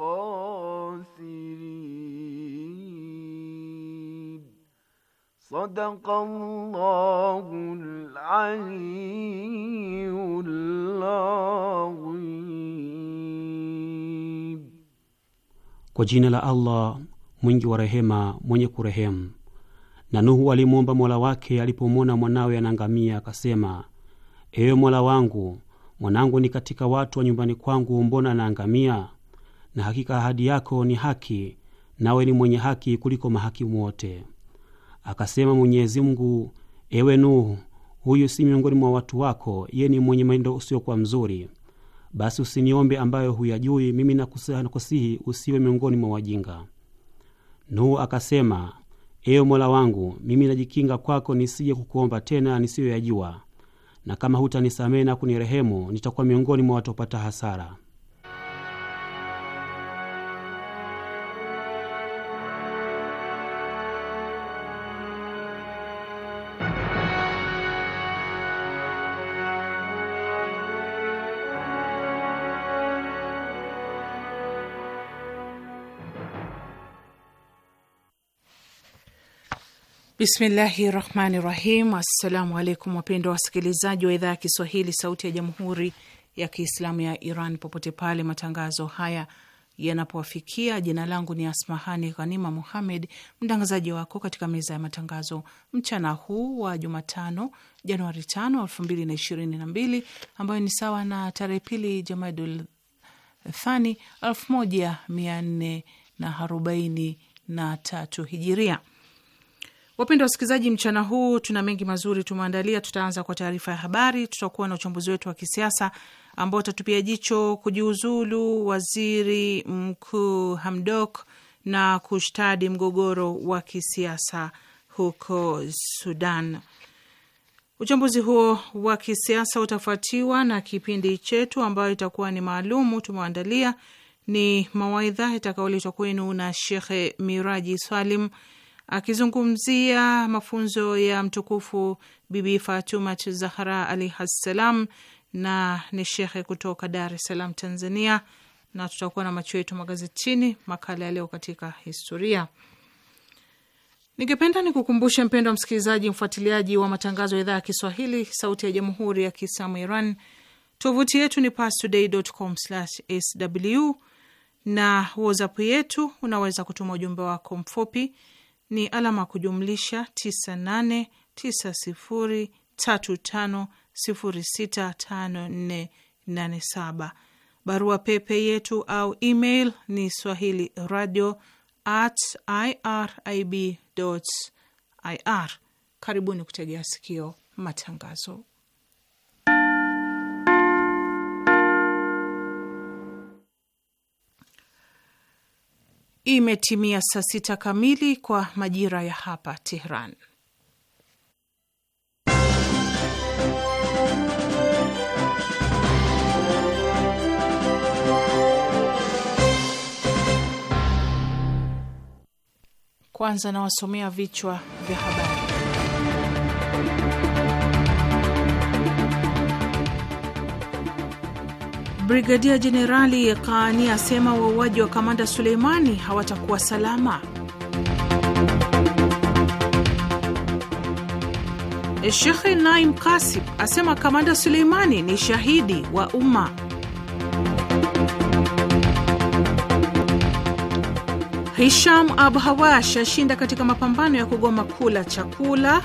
khasirin. Sadaqallahul aliyyul adhim. Kwa jina la Allah mwingi wa rehema, mwenye kurehemu. Na Nuhu alimwomba mola wake alipomwona mwanawe anaangamia, akasema: ewe mola wangu, mwanangu ni katika watu wa nyumbani kwangu, mbona anaangamia? na hakika ahadi yako ni haki, nawe ni mwenye haki kuliko mahakimu wote. Akasema Mwenyezi Mungu, ewe Nuhu, huyu si miongoni mwa watu wako, yeye ni mwenye mwendo usiokuwa mzuri, basi usiniombe ambayo huyajui. Mimi nakusihi usiwe miongoni mwa wajinga. Nuhu akasema, ewe Mola wangu, mimi najikinga kwako nisije kukuomba tena nisiyoyajua, na kama hutanisamehe na kunirehemu nitakuwa miongoni mwa watopata hasara. Bismillahi rahmani rahim. Assalamu alaikum wapendwa wasikilizaji wa idhaa ya Kiswahili sauti ya jamhuri ya Kiislamu ya Iran popote pale matangazo haya yanapowafikia. Jina langu ni Asmahani Ghanima Muhammed, mtangazaji wako katika meza ya matangazo mchana huu wa Jumatano, Januari tano elfu ambayo ni sawa na tarehe pili Jamadul Thani elfu hijiria. Wapendwa wasikilizaji, mchana huu tuna mengi mazuri tumeandalia. Tutaanza kwa taarifa ya habari, tutakuwa na uchambuzi wetu wa kisiasa ambao utatupia jicho kujiuzulu waziri mkuu Hamdok na kushtadi mgogoro wa kisiasa huko Sudan. Uchambuzi huo wa kisiasa utafuatiwa na kipindi chetu ambayo itakuwa ni maalumu tumewaandalia, ni mawaidha itakaoletwa kwenu na Shekhe Miraji Salim Akizungumzia mafunzo ya mtukufu Bibi Fatumat Zahra ssalam, na ni shekhe kutoka Dar es Salaam, Tanzania, na tutakuwa na macho yetu magazetini, makala ya leo katika historia. Ningependa nikukumbushe mpendo wa msikilizaji, mfuatiliaji wa matangazo ya idhaa ya Kiswahili, sauti ya jamhuri ya kiislamu Iran. Tovuti yetu ni pastoday.com/sw na WhatsApp yetu unaweza kutuma ujumbe wako mfupi ni alama kujumlisha 989035065487. Barua pepe yetu au email ni swahili radio at irib Karibuni kutegea sikio matangazo. Imetimia saa sita kamili kwa majira ya hapa Tehran. Kwanza nawasomea vichwa vya habari. Brigadia Jenerali Kaani asema wauaji wa kamanda Suleimani hawatakuwa salama. Shekh Naim Kasib asema kamanda Suleimani ni shahidi wa umma. Hisham Abhawash ashinda katika mapambano ya kugoma kula chakula.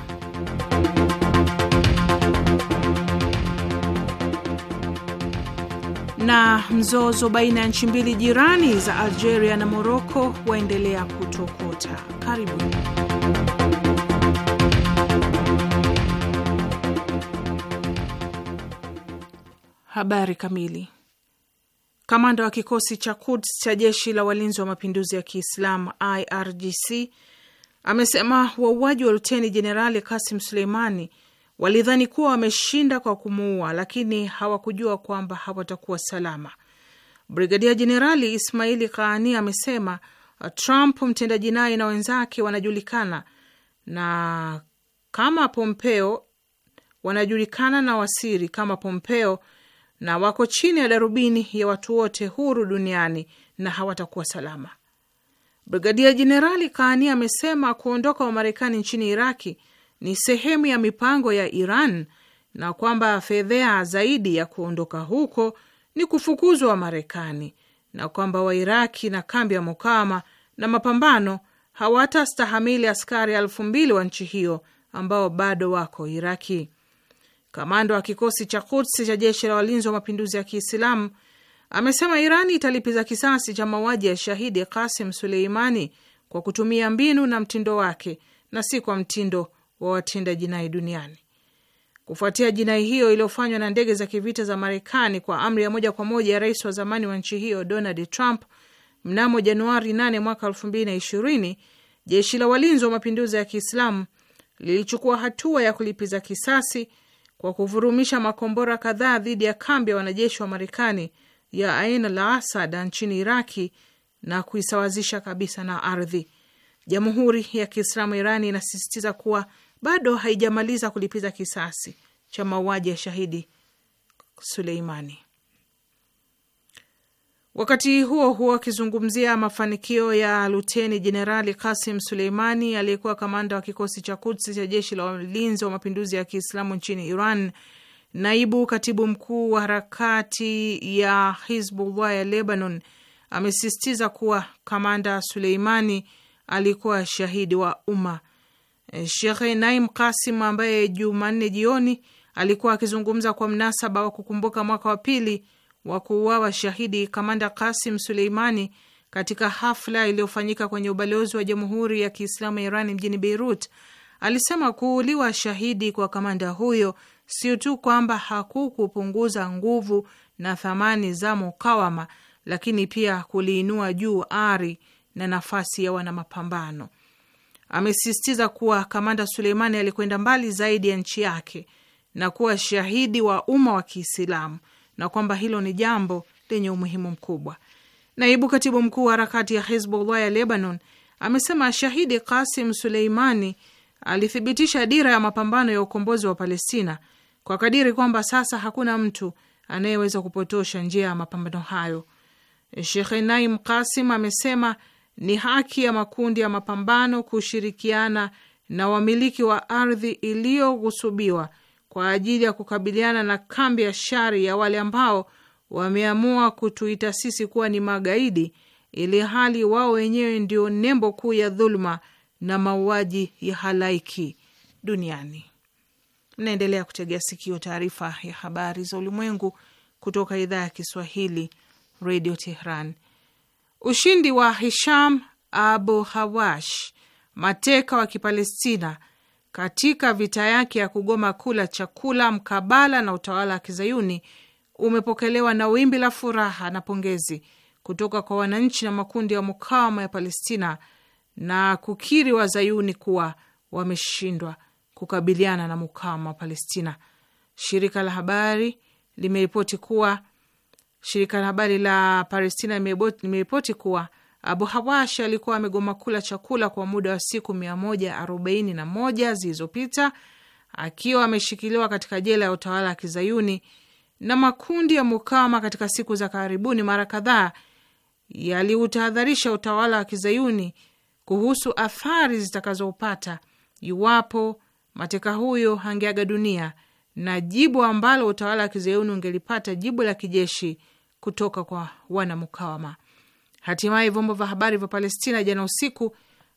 na mzozo baina ya nchi mbili jirani za Algeria na Moroko waendelea kutokota. Karibuni. Habari kamili. Kamanda wa kikosi cha Kuds cha jeshi la walinzi wa mapinduzi ya Kiislamu IRGC amesema wauaji wa luteni jenerali Kasim Suleimani Walidhani kuwa wameshinda kwa kumuua, lakini hawakujua kwamba hawatakuwa salama. Brigadia Jenerali Ismaili Kaani amesema uh, Trump, mtenda jinai na wenzake wanajulikana na kama Pompeo, wanajulikana na wasiri kama Pompeo na wako chini ya darubini ya watu wote huru duniani na hawatakuwa salama. Brigadia Jenerali Kaani amesema kuondoka Wamarekani nchini Iraki ni sehemu ya mipango ya Iran na kwamba fedheha zaidi ya kuondoka huko ni kufukuzwa wa Marekani na kwamba Wairaki na kambi ya mukawama na mapambano hawatastahamili askari elfu mbili wa nchi hiyo ambao bado wako Iraki. Kamanda wa kikosi cha Kudsi cha jeshi la walinzi wa mapinduzi ya Kiislamu amesema Irani italipiza kisasi cha mauaji ya shahidi Kasim Suleimani kwa kutumia mbinu na mtindo wake na si kwa mtindo wa watenda jinai duniani kufuatia jinai hiyo iliyofanywa na ndege za kivita za Marekani kwa amri ya moja kwa moja ya rais wa zamani wa nchi hiyo Donald Trump mnamo Januari 8 mwaka 2020, jeshi la walinzi wa mapinduzi ya Kiislamu lilichukua hatua ya kulipiza kisasi kwa kuvurumisha makombora kadhaa dhidi ya kambi ya wanajeshi wa Marekani ya Ain al Asad nchini Iraki na kuisawazisha kabisa na ardhi. Jamhuri ya Kiislamu Irani inasisitiza kuwa bado haijamaliza kulipiza kisasi cha mauaji ya shahidi Suleimani. Wakati huo huo, akizungumzia mafanikio ya luteni jenerali Kasim Suleimani aliyekuwa kamanda wa kikosi cha Kudsi cha jeshi la walinzi wa mapinduzi ya Kiislamu nchini Iran, naibu katibu mkuu wa harakati ya Hizbullah ya Lebanon amesisitiza kuwa kamanda Suleimani alikuwa shahidi wa umma E, Shekhe Naim Kasim ambaye Jumanne jioni alikuwa akizungumza kwa mnasaba wa kukumbuka mwaka wa pili wa kuuawa shahidi kamanda Kasim Suleimani katika hafla iliyofanyika kwenye ubalozi wa Jamhuri ya Kiislamu ya Iran mjini Beirut alisema kuuliwa shahidi kwa kamanda huyo sio tu kwamba hakukupunguza nguvu na thamani za mukawama, lakini pia kuliinua juu ari na nafasi ya wanamapambano amesisitiza kuwa kamanda Suleimani alikwenda mbali zaidi ya nchi yake na kuwa shahidi wa umma wa Kiislamu na kwamba hilo ni jambo lenye umuhimu mkubwa. Naibu katibu mkuu wa harakati ya Hizbullah ya Lebanon amesema shahidi Kasim Suleimani alithibitisha dira ya mapambano ya ukombozi wa Palestina kwa kadiri kwamba sasa hakuna mtu anayeweza kupotosha njia ya mapambano hayo. Shekhe Naim Kasim amesema ni haki ya makundi ya mapambano kushirikiana na wamiliki wa ardhi iliyoghusubiwa kwa ajili ya kukabiliana na kambi ya shari ya wale ambao wameamua kutuita sisi kuwa ni magaidi, ili hali wao wenyewe ndio nembo kuu ya dhuluma na mauaji ya halaiki duniani. Mnaendelea kutegea sikio taarifa ya habari za ulimwengu kutoka idhaa ya Kiswahili, Radio Tehran. Ushindi wa Hisham Abu Hawash, mateka wa Kipalestina, katika vita yake ya kugoma kula chakula mkabala na utawala wa Kizayuni umepokelewa na wimbi la furaha na pongezi kutoka kwa wananchi na makundi ya mukawama ya Palestina na kukiri Wazayuni kuwa wameshindwa kukabiliana na mukawama wa Palestina. Shirika la habari limeripoti kuwa Shirika la habari la Palestina limeripoti kuwa Abu Hawash alikuwa amegoma kula chakula kwa muda wa siku 141 zilizopita akiwa ameshikiliwa katika jela ya utawala wa kizayuni na makundi ya mukama Katika siku za karibuni, mara kadhaa yaliutahadharisha utawala wa kizayuni kuhusu athari zitakazopata iwapo mateka huyo angeaga dunia na jibu ambalo utawala wa kizayuni ungelipata jibu la kijeshi kutoka kwa wanamukawama. Hatimaye vyombo vya habari vya Palestina jana usiku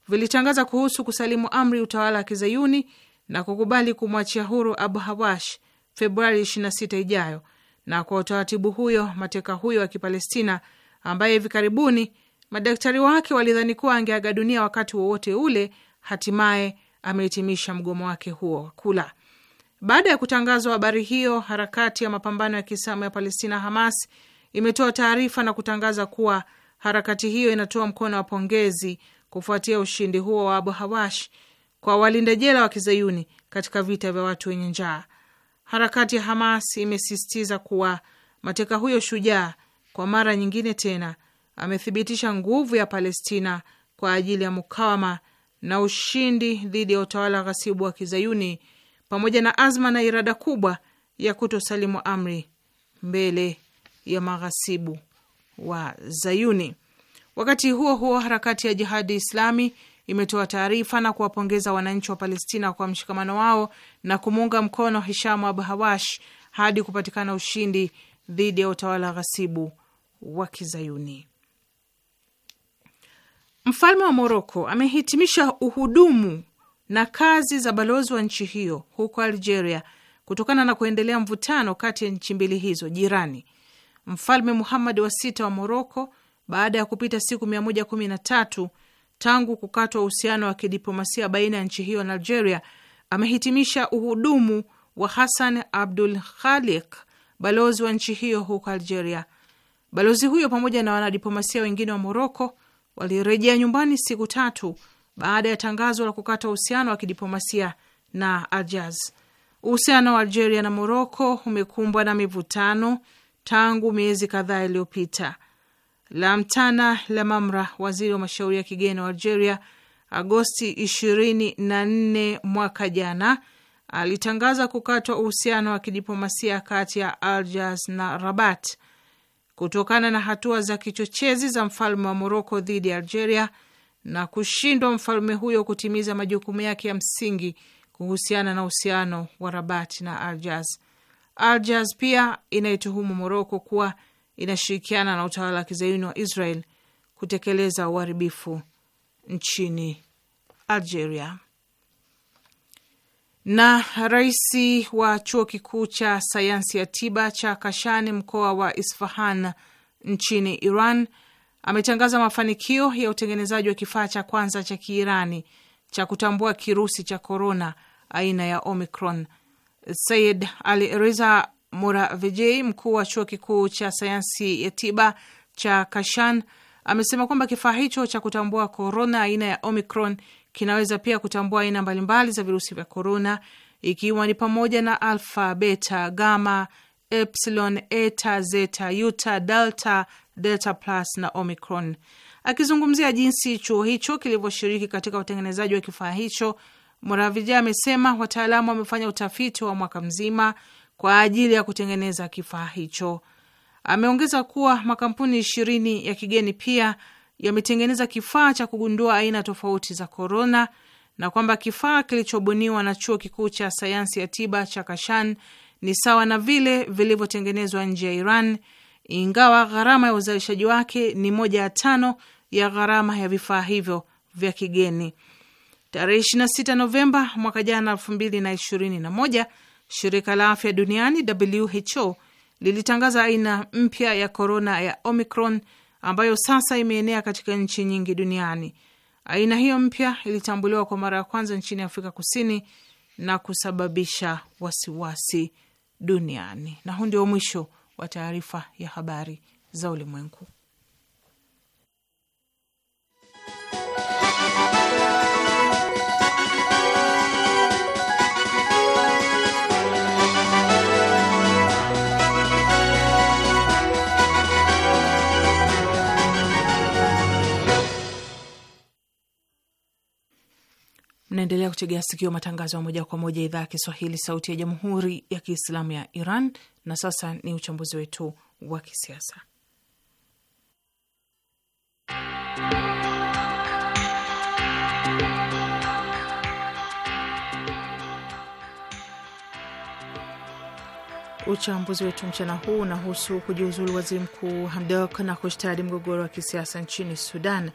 vilitangaza kuhusu kusalimu amri utawala wa kizayuni na kukubali kumwachia huru Abu Hawash Februari 26 ijayo, na kwa utaratibu huyo mateka huyo wa Kipalestina ambaye hivi karibuni madaktari wake walidhani kuwa angeaga dunia wakati wowote ule, hatimaye amehitimisha mgomo wake huo wa kula. Baada ya kutangazwa habari hiyo, harakati ya mapambano ya kiislamu ya Palestina Hamas imetoa taarifa na kutangaza kuwa harakati hiyo inatoa mkono wa pongezi kufuatia ushindi huo wa Abu Hawash kwa walinda jela wa kizayuni katika vita vya watu wenye njaa. Harakati ya Hamas imesisitiza kuwa mateka huyo shujaa kwa mara nyingine tena amethibitisha nguvu ya Palestina kwa ajili ya mukawama na ushindi dhidi ya utawala ghasibu wa kizayuni pamoja na azma na irada kubwa ya kutosalimu amri mbele ya maghasibu wa Zayuni. Wakati huo huo, harakati ya Jihadi Islami imetoa taarifa na kuwapongeza wananchi wa Palestina kwa mshikamano wao na kumuunga mkono Hishamu Abu Hawash hadi kupatikana ushindi dhidi ya utawala ghasibu wa Kizayuni. Mfalme wa Moroko amehitimisha uhudumu na kazi za balozi wa nchi hiyo huko Algeria kutokana na kuendelea mvutano kati ya nchi mbili hizo jirani Mfalme Muhammad wa sita wa Moroko, baada ya kupita siku tatu tangu kukatwa uhusiano wa kidiplomasia baina ya nchi hiyo na Algeria, amehitimisha uhudumu wa Hassan Abdul Khalik, balozi wa nchi hiyo huko Algeria. Balozi huyo pamoja na wanadiplomasia wengine wa Moroko walirejea nyumbani siku tatu baada ya tangazo la kukata uhusiano wa kidiplomasia na Aljaz. Uhusiano wa Algeria na Moroko umekumbwa na mivutano tangu miezi kadhaa iliyopita. Lamtana Lamamra, waziri wa mashauri ya kigeni wa Algeria, Agosti 24 mwaka jana alitangaza kukatwa uhusiano wa kidiplomasia kati ya Algiers na Rabat kutokana na hatua za kichochezi za mfalme wa Moroko dhidi ya Algeria na kushindwa mfalme huyo kutimiza majukumu yake ya msingi kuhusiana na uhusiano wa Rabat na Algiers. Aljaz pia inayotuhumu Moroko kuwa inashirikiana na utawala wa kizayuni wa Israel kutekeleza uharibifu nchini Algeria. Na rais wa chuo kikuu cha sayansi ya tiba cha Kashani mkoa wa Isfahan nchini Iran ametangaza mafanikio ya utengenezaji wa kifaa cha kwanza cha Kiirani cha kutambua kirusi cha korona aina ya Omicron Said Ali Reza Muravijai, mkuu wa chuo kikuu cha sayansi ya tiba cha Kashan, amesema kwamba kifaa hicho cha kutambua korona aina ya Omicron kinaweza pia kutambua aina mbalimbali za virusi vya korona ikiwa ni pamoja na alfa, beta, gama, epsilon, eta, zeta, yuta, delta, delta plus na Omicron. Akizungumzia jinsi chuo hicho kilivyoshiriki katika utengenezaji wa kifaa hicho, Muravija amesema wataalamu wamefanya utafiti wa mwaka mzima kwa ajili ya kutengeneza kifaa hicho. Ameongeza kuwa makampuni ishirini ya kigeni pia yametengeneza kifaa cha kugundua aina tofauti za korona na kwamba kifaa kilichobuniwa na chuo kikuu cha sayansi ya tiba cha Kashan ni sawa na vile vilivyotengenezwa nje ya Iran, ingawa gharama ya uzalishaji wake ni moja ya tano ya gharama ya vifaa hivyo vya kigeni. Tarehe 26 Novemba mwaka jana 2021, shirika la afya duniani WHO lilitangaza aina mpya ya korona ya Omicron ambayo sasa imeenea katika nchi nyingi duniani. Aina hiyo mpya ilitambuliwa kwa mara ya kwanza nchini Afrika Kusini na kusababisha wasiwasi duniani. Na huu ndio mwisho wa taarifa ya habari za ulimwengu. Mnaendelea kutegea sikio matangazo ya moja kwa moja idhaa ya Kiswahili, sauti ya jamhuri ya kiislamu ya Iran. Na sasa ni uchambuzi wetu wa kisiasa. Uchambuzi wetu mchana huu unahusu kujiuzulu waziri mkuu Hamdok na kushtadi mgogoro wa kisiasa nchini Sudan.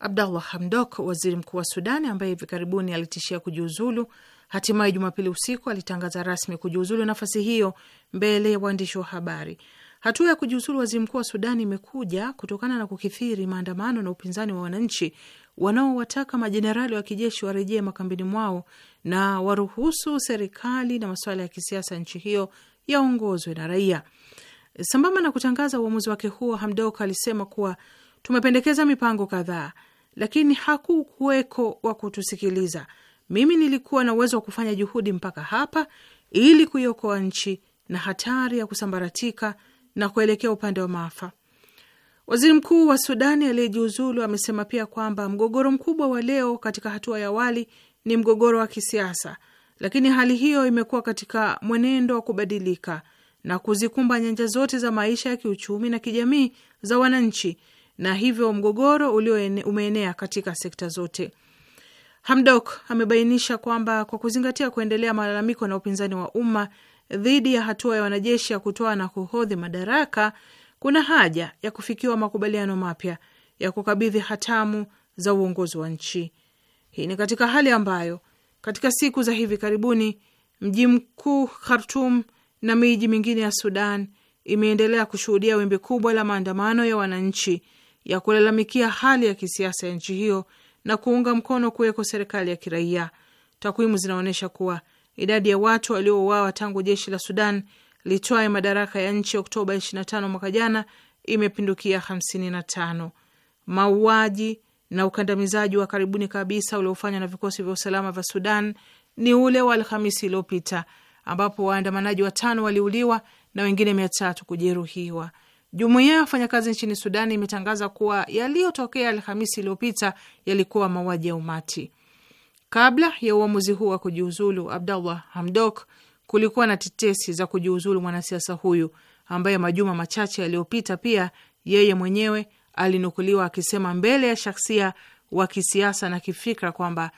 Abdallah Hamdok, waziri mkuu wa Sudani ambaye hivi karibuni alitishia kujiuzulu, hatimaye Jumapili usiku alitangaza rasmi kujiuzulu nafasi hiyo mbele ya waandishi wa habari. Hatua ya kujiuzulu waziri mkuu wa Sudani imekuja kutokana na kukithiri maandamano na upinzani wa wananchi wanaowataka majenerali wa kijeshi warejee makambini mwao na waruhusu serikali na masuala ya kisiasa nchi hiyo yaongozwe na raia. Sambamba na kutangaza uamuzi wake huo, Hamdok alisema kuwa tumependekeza mipango kadhaa lakini hakukuweko wa kutusikiliza. Mimi nilikuwa na uwezo wa kufanya juhudi mpaka hapa ili kuiokoa nchi na hatari ya kusambaratika na kuelekea upande wa maafa. Waziri mkuu wa Sudani aliyejiuzulu amesema pia kwamba mgogoro mkubwa wa leo katika hatua ya awali ni mgogoro wa kisiasa, lakini hali hiyo imekuwa katika mwenendo wa kubadilika na kuzikumba nyanja zote za maisha ya kiuchumi na kijamii za wananchi na hivyo mgogoro ulio umeenea katika sekta zote. Hamdok amebainisha kwamba kwa kuzingatia kuendelea malalamiko na upinzani wa umma dhidi ya hatua ya wanajeshi ya kutoa na kuhodhi madaraka, kuna haja ya kufikiwa makubaliano mapya ya kukabidhi hatamu za uongozi wa nchi. Hii ni katika hali ambayo katika siku za hivi karibuni mji mkuu Khartum na miji mingine ya Sudan imeendelea kushuhudia wimbi kubwa la maandamano ya wananchi ya kulalamikia hali ya kisiasa ya nchi hiyo na kuunga mkono kuweko serikali ya kiraia. Takwimu zinaonyesha kuwa idadi ya watu waliouawa tangu jeshi la Sudan litwae madaraka ya nchi Oktoba 25 mwaka jana imepindukia 55. Mauaji na ukandamizaji wa karibuni kabisa uliofanywa na vikosi vya usalama vya Sudan ni ule wa Alhamisi iliyopita ambapo waandamanaji watano waliuliwa na wengine mia tatu kujeruhiwa. Jumuiya ya wafanyakazi nchini Sudani imetangaza kuwa yaliyotokea Alhamisi iliyopita yalikuwa mauaji ya umati. Kabla ya uamuzi huu wa kujiuzulu Abdallah Hamdok, kulikuwa na tetesi za kujiuzulu mwanasiasa huyu ambaye majuma machache yaliyopita pia yeye mwenyewe alinukuliwa akisema mbele ya shaksia wa kisiasa na kifikra kwamba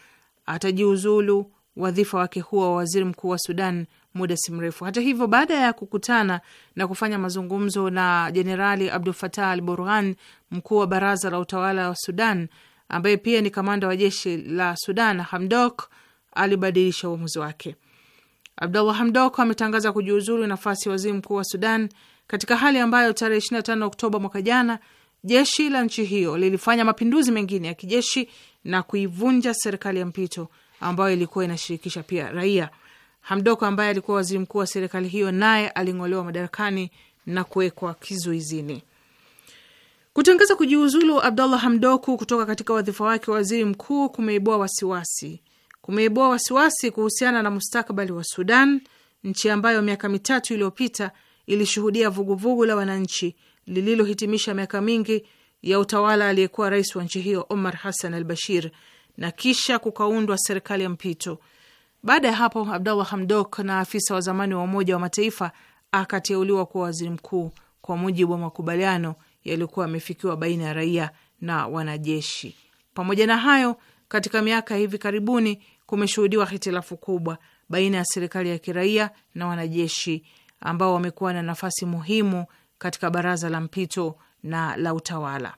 atajiuzulu wadhifa wake huo wa waziri mkuu wa Sudan muda si mrefu. Hata hivyo, baada ya kukutana na kufanya mazungumzo na Jenerali Abdul Fatah al Burhan, mkuu wa baraza la utawala wa Sudan ambaye pia ni kamanda wa jeshi la Sudan, Hamdok alibadilisha uamuzi wake. Abdullah Hamdok ametangaza kujiuzulu nafasi ya waziri mkuu wa Sudan katika hali ambayo tarehe 25 Oktoba mwaka jana jeshi la nchi hiyo lilifanya mapinduzi mengine ya kijeshi na kuivunja serikali ya mpito ambayo ilikuwa inashirikisha pia raia. Hamdoko ambaye alikuwa waziri mkuu wa serikali hiyo naye aling'olewa madarakani na kuwekwa kizuizini. Kutangaza kujiuzulu Abdallah Hamdoku kutoka katika wadhifa wake wa waziri mkuu kumeibua wasiwasi kumeibua wasiwasi kuhusiana na mustakabali wa Sudan, nchi ambayo miaka mitatu iliyopita ilishuhudia vuguvugu la wananchi lililohitimisha miaka mingi ya utawala aliyekuwa rais wa nchi hiyo Omar Hassan al Bashir, na kisha kukaundwa serikali ya mpito baada ya hapo, Abdallah Hamdok na afisa wa zamani wa Umoja wa Mataifa akateuliwa kuwa waziri mkuu kwa mujibu wa makubaliano yaliyokuwa yamefikiwa baina ya raia na wanajeshi. Pamoja na hayo, katika miaka hivi karibuni kumeshuhudiwa hitilafu kubwa baina ya serikali ya kiraia na wanajeshi ambao wamekuwa na nafasi muhimu katika baraza la mpito na la utawala.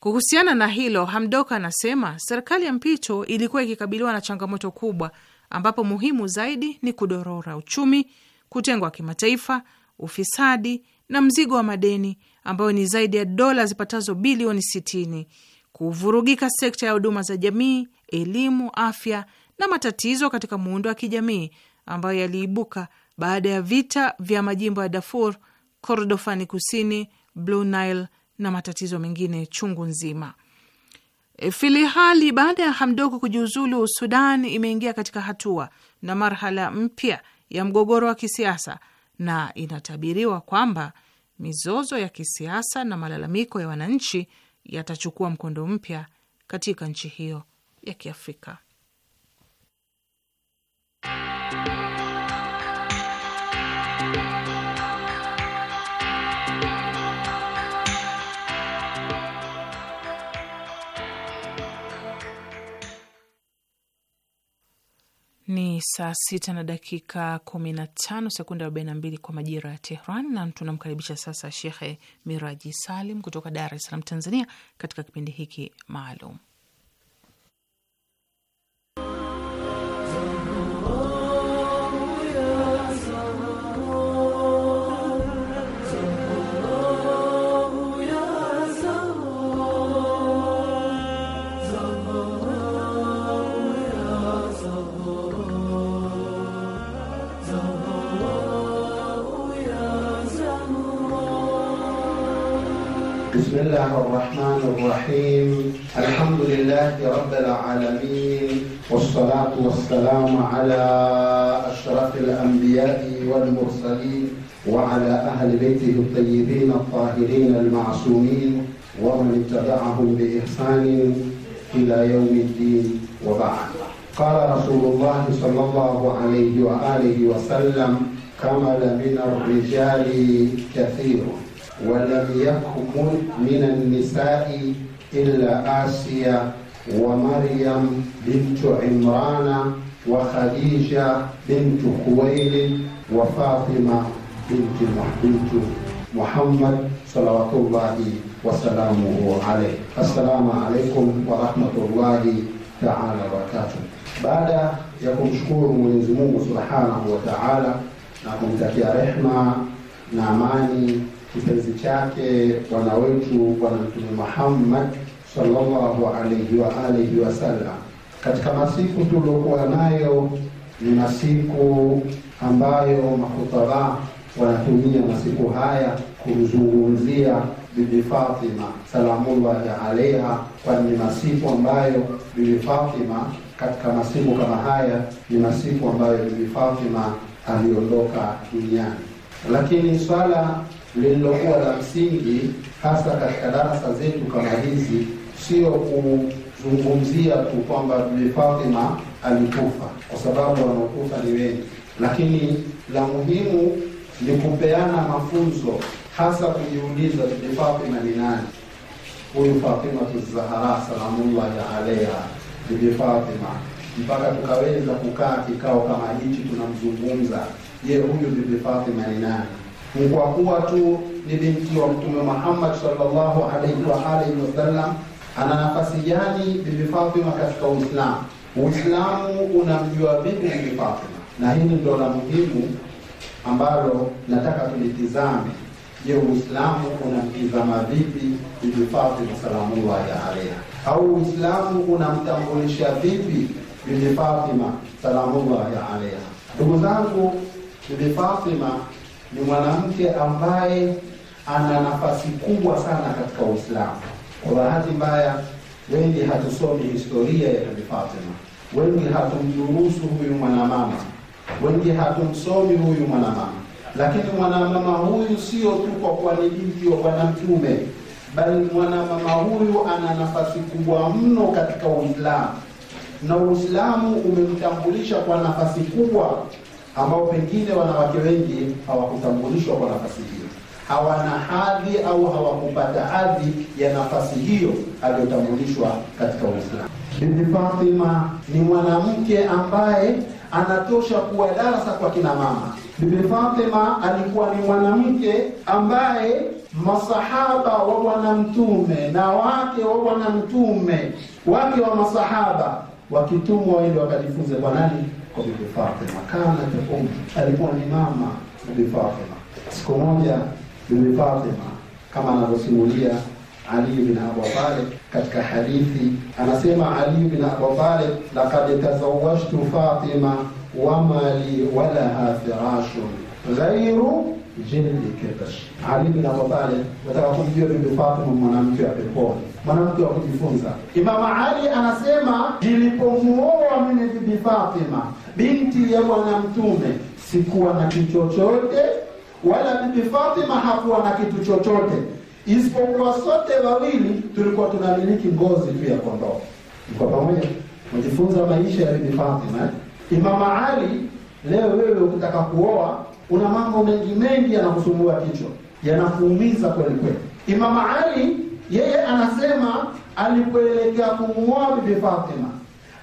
Kuhusiana na hilo, Hamdok anasema serikali ya mpito ilikuwa ikikabiliwa na changamoto kubwa ambapo muhimu zaidi ni kudorora uchumi, kutengwa kimataifa, ufisadi na mzigo wa madeni ambayo ni zaidi ya dola zipatazo bilioni 60, kuvurugika sekta ya huduma za jamii, elimu, afya na matatizo katika muundo wa kijamii ambayo yaliibuka baada ya vita vya majimbo ya Darfur, Kordofani Kusini, Blue Nile na matatizo mengine chungu nzima. E, filihali baada ya Hamdoko kujiuzulu, Sudan imeingia katika hatua na marhala mpya ya mgogoro wa kisiasa na inatabiriwa kwamba mizozo ya kisiasa na malalamiko ya wananchi yatachukua mkondo mpya katika nchi hiyo ya Kiafrika. saa sita na dakika kumi na tano sekunde arobaini na mbili kwa majira ya Tehran, na tunamkaribisha sasa Shekhe Miraji Salim kutoka Dar es Salaam, Tanzania, katika kipindi hiki maalum. الله الرحمن الرحيم الحمد لله رب العالمين والصلاة والسلام على أشرف الأنبياء والمرسلين وعلى أهل بيته الطيبين الطاهرين المعصومين ومن اتبعهم بإحسان إلى يوم الدين وبعد قال رسول الله صلى الله عليه وآله وسلم كمل من الرجال كثير ولم يكمل من النساء إلا آسيا ومريم بنت عمران وخديجة بنت خويلد وفاطمة بنت بنت محمد صلوات الله وسلامه عليه السلام عليكم ورحمة الله تعالى وبركاته بعد يكون شكور من سبحانه وتعالى wa Ta'ala رحمة نعماني kipenzi chake bwana wetu bwana Mtume Muhammad sallallahu alaihi wa alihi wasallam. Katika masiku tuliokuwa nayo ni masiku ambayo makutaba wanatumia masiku haya kumzungumzia Bibi Fatima salamullahi alaiha, kwani ni masiku ambayo Bibi Fatima, katika masiku kama haya ni masiku ambayo Bibi Fatima aliondoka duniani, lakini swala lililokuwa la msingi hasa katika darasa zetu kama hizi sio kuzungumzia tu kwamba Bibi Fatima alikufa, kwa sababu wanaokufa ni wengi, lakini la muhimu ni kupeana mafunzo, hasa kujiuliza Bibi Fatima ni nani? Huyu Fatima Zahara salamullahi alaiha, Bibi Fatima, mpaka tukaweza kukaa kikao kama hichi tunamzungumza. Je, huyu Bibi Fatima ni nani? ni kwa kuwa tu ni binti wa Mtume Muhammad sallallahu alaihi wa alihi wasallam. Ana nafasi gani Bibi Fatima katika Uislamu? Uislamu unamjua vipi Bibi Fatima? Na hili ndio la muhimu ambalo nataka tulitizame. Je, Uislamu unamtizama vipi Bibi Fatima salamullahi alaiha? Au Uislamu unamtambulisha vipi Bibi Fatima salamullahi alaiha? Ndugu zangu, Bibi Fatima ni mwanamke ambaye ana nafasi kubwa sana katika Uislamu. Kwa bahati mbaya, wengi hatusomi historia ya Bibi Fatima, wengi hatumdurusu huyu mwanamama, wengi hatumsomi huyu mwanamama. Lakini mwanamama huyu sio tu kwa kuwa ni binti wa Bwana Mtume, bali mwanamama huyu ana nafasi kubwa mno katika Uislamu, na Uislamu umemtambulisha kwa nafasi kubwa ambao pengine wanawake wengi hawakutambulishwa kwa nafasi hiyo, hawana hadhi au hawakupata hadhi ya nafasi hiyo aliyotambulishwa katika Uislamu. Bibi Fatima ni mwanamke ambaye anatosha kuwa darasa kwa kina mama. Bibi Fatima alikuwa ni mwanamke ambaye masahaba wa Bwana Mtume na wake wa Bwana Mtume, wake wa masahaba wakitumwa waende wakajifunze kwa nani? kwa Bibi Fatima, kanat alikuwa ni mama Bibi Fatima. Siku moja Bibi Fatima kama anavyosimulia Ali bin Abi Talib katika hadithi, anasema Ali bin Abi Talib, laqad tazawwajtu Fatima wama li walaha firashun ghairu ali bin Abi Talib, nataka kujua Bibi Fatima mwanamke wa peponi, mwanamke wa kujifunza. Imama Ali anasema nilipomuoa mimi Bibi Fatima binti ya Bwana Mtume sikuwa na kitu chochote, wala Bibi Fatima hakuwa na kitu chochote, isipokuwa sote wawili tulikuwa tunamiliki ngozi tu ya kondoo. Mko pamoja? Mjifunza maisha ya Bibi Fatima. Eh? Imama Ali, leo wewe ukitaka kuoa una mambo mengi mengi yanakusumbua kichwa, yanakuumiza kweli kweli. Imam Ali yeye anasema alipoelekea kumuoa Bibi Fatima,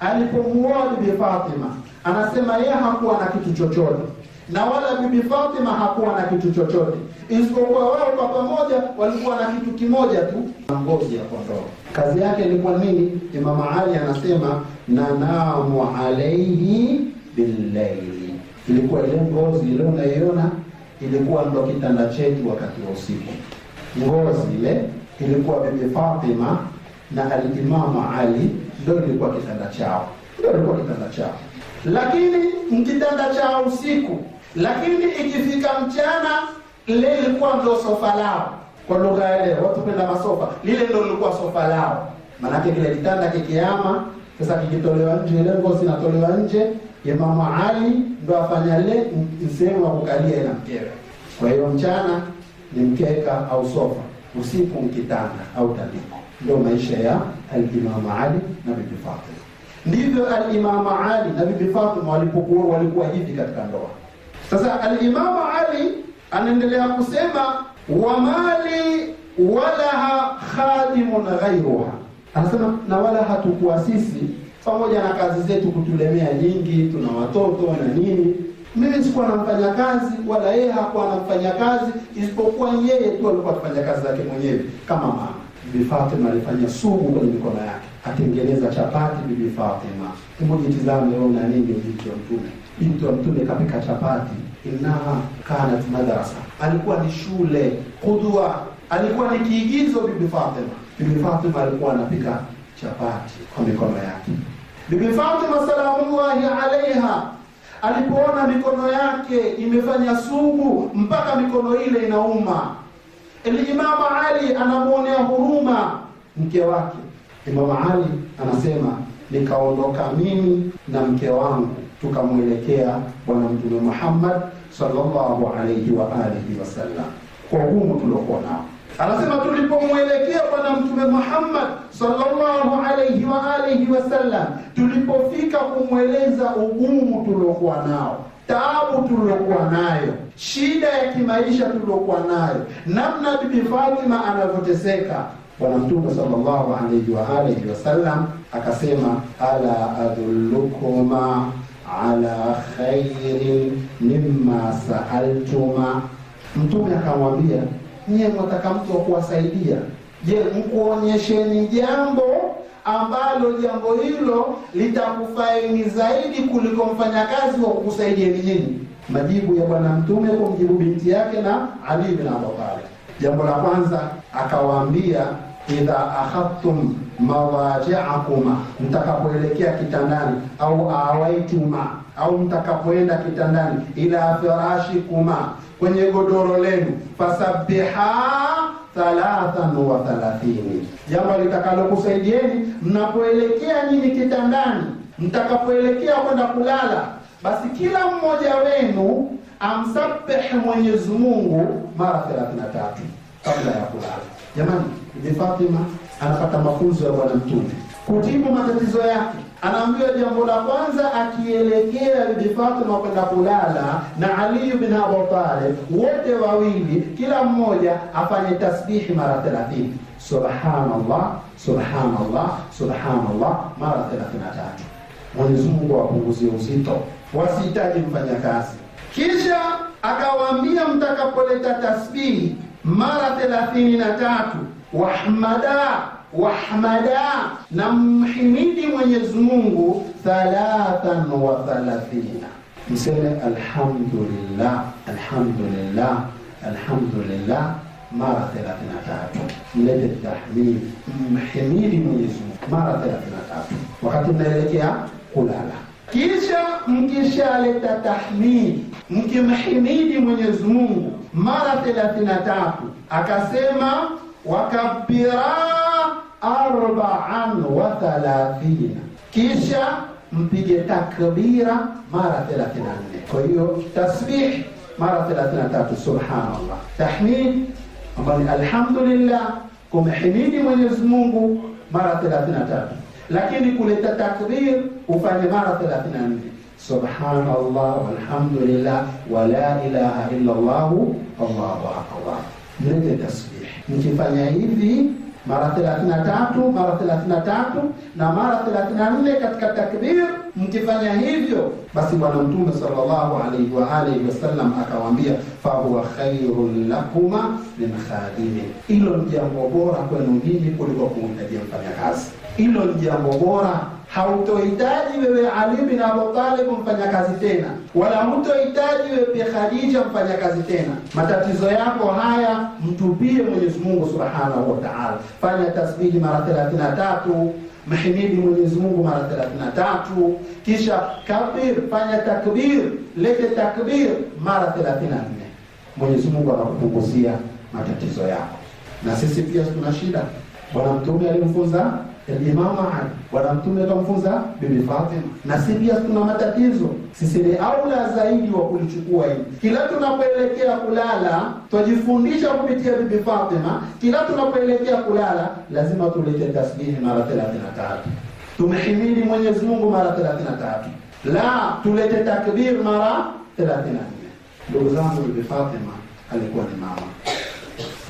alipomuoa Bibi Fatima anasema yeye hakuwa na kitu chochote na wala Bibi Fatima hakuwa na kitu chochote isipokuwa wao kwa pamoja walikuwa na kitu kimoja tu, ngozi ya kondoo. Kazi yake ilikuwa nini? Imam Ali anasema nanamu alaihi billaili ilikuwa ile ngozi ile unaiona ilikuwa ndo kitanda chetu wakati wa usiku. Ngozi ile ilikuwa Bibi Fatima na Alimama Ali ndo ilikuwa kitanda chao, ndo ilikuwa kitanda chao, lakini mkitanda chao usiku. Lakini ikifika mchana, ile ilikuwa ndo sofa lao, kwa lugha ya leo watu penda masofa, lile ndo lilikuwa sofa lao. Maanake kile kitanda kikiama, sasa kikitolewa nje, ile ngozi inatolewa nje ya mama Ali ndo afanyale sehemu ya kukalia ina mkeka. Kwa hiyo mchana ni mkeka au sofa, usiku mkitanda au tandiko. Ndio maisha ya al Ali na Bibi Fatima. Ndivyo al Ali na Bibi Fatima walipokuwa walikuwa hivi katika ndoa. Sasa al Ali anaendelea kusema wa mali walaha khadimun ghairuha, anasema na wala hatukuwa sisi pamoja na kazi zetu kutulemea nyingi, tuna watoto na nini. Mimi sikuwa na kazi wala yeye hakuwa na kazi, isipokuwa yeye tu alikuwa akifanya kazi zake mwenyewe kama mama. Bibi Fatima alifanya sumu kwenye mikono yake, atengeneza chapati. Bibi Fatima, hebu jitizame wewe una nini? Binti wa Mtume, binti wa Mtume kapika chapati. Innaha kanat madrasa, alikuwa ni shule kudua, alikuwa ni kiigizo. Bibi Fatima, Bibi Fatima alikuwa anapika chapati kwa mikono yake. Bibi Fatima salamullahi alaiha alipoona mikono yake imefanya sugu mpaka mikono ile inauma, Imamu Ali anamwonea huruma mke wake. Imamu Ali anasema nikaondoka mimi na mke wangu tukamwelekea Bwana Mtume Muhammad sallallahu alaihi wa alihi wasallam, kwa ugumu tuliokuwa nao anasema tulipomwelekea bwana mtume Muhammad sallallahu alayhi wa alihi wasallam, tulipofika kumweleza ugumu tuliokuwa nao, taabu tuliokuwa nayo, shida ya kimaisha tuliokuwa nayo, namna bibi Fatima anavyoteseka, bwana mtume sallallahu alayhi wa alihi wasallam akasema, ala adhullukuma ala khairin mimma saaltuma, mtume akamwambia nye mwataka mtu wa kuwasaidia je mkuonyesheni jambo ambalo jambo hilo litakufaini zaidi kuliko mfanyakazi wa kukusaidieni nyinyi majibu ya bwana mtume mjibu binti yake na ali bin abi talib jambo la kwanza akawaambia idha akhadtum mawaji'akuma mtakapoelekea kitandani au awaituma au mtakapoenda kitandani ila firashikuma kwenye godoro lenu, fasabiha thalathan wa thalathini, jambo litakalokusaidieni mnapoelekea nyinyi kitandani, mtakapoelekea kwenda kulala, basi kila mmoja wenu amsabihe Mwenyezi Mungu mara tatu kabla ya kulala. Jamani, Bibi Fatima anapata mafunzo ya Bwana Mtume kutibu matatizo yake anaambiwa jambo la kwanza akielekea Bibi Fatima kwenda kulala na Ali bin Abi Talib, wote wawili, kila mmoja afanye tasbihi mara 30, subhanallah subhanallah subhanallah, mara 33. Mwenyezi Mungu awapunguzie uzito, wasihitaji mfanyakazi. Kisha akawaambia mtakapoleta tasbihi mara 33 wahmada wahmada na mhimidi mwenyezi mungu thalathan wa thalathina mseme alhamdulillah alhamdulillah alhamdulillah mara 33 mlete tahmid mhimidi mwenyezi mungu mara 33 wakati mnaelekea kulala kisha mkishaleta tahmid mkimhimidi mwenyezi mungu mara 33 akasema wakabirana أربعا وثلاثين كيشا مبيجي تكبيرا مرة ثلاثين فيو تسبيح مرة ثلاثين تاتو سبحان الله تحميد أمالي الحمد لله كم حميني من يزمونه مرة ثلاثين تاتو لكن كل تكبير وفاني مرة ثلاثين سبحان الله والحمد لله ولا إله إلا الله الله أكبر نتي تسبيح نتي فاني mara 33 mara 33 na mara 34 katika takbir. Mkifanya hivyo, basi Bwana Mtume sallallahu alaihi wa alihi wasallam akawaambia, fahuwa khairun lakuma min khadimi, hilo ni jambo bora kwenu nyinyi kuliko kumhitajia mfanya kazi. Hilo ni jambo bora hautohitaji wewe Ali bin Abi Talib mfanya kazi tena, wala hutohitaji wewe Bi Khadija mfanya kazi tena. Matatizo yako haya mtupie Mwenyezi Mungu Subhanahu wa Ta'ala. Fanya tasbihi mara 33, mhimidi Mwenyezi Mungu mara 33, kisha kabir, fanya takbir, lete takbir mara 34. Mwenyezi Mungu anakupunguzia matatizo yako. Na sisi pia tuna shida. Bwana Mtume alimfunza Imama yaani Ali, bwana mtume akamfunza bibi Fatima. Na si pia tuna matatizo sisi, ni aula zaidi wa kulichukua hili. Kila tunapoelekea kulala, twajifundisha kupitia bibi Fatima. Kila tunapoelekea kulala, lazima tulete tasbihi mara 33, tumhimidi Mwenyezi Mungu mara 33, la tulete takbir mara 34. Ndugu zangu, bibi Fatima alikuwa ni mama,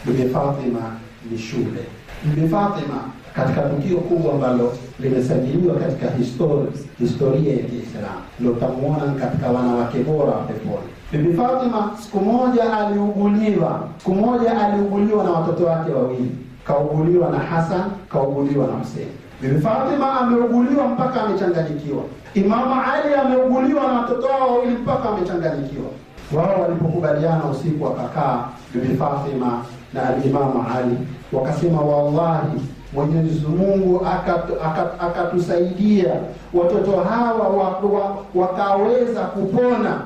bibi Fatima ni shule Bibi Fatima katika tukio kubwa ambalo limesajiliwa katika histori, historia ya Kiislamu tamuona katika wanawake bora wa peponi. Bibi Fatima siku moja aliuguliwa, siku moja aliuguliwa na watoto wake wawili, kauguliwa na Hasan, kauguliwa na Husein. Bibi Fatima ameuguliwa mpaka amechanganyikiwa. Imamu Ali ameuguliwa na watoto wao wawili mpaka amechanganyikiwa. Wao walipokubaliana usiku, wakakaa Bibi Fatima na alimamu Ali wakasema, wallahi Mwenyezi Mungu akatusaidia watoto hawa wakaweza kupona,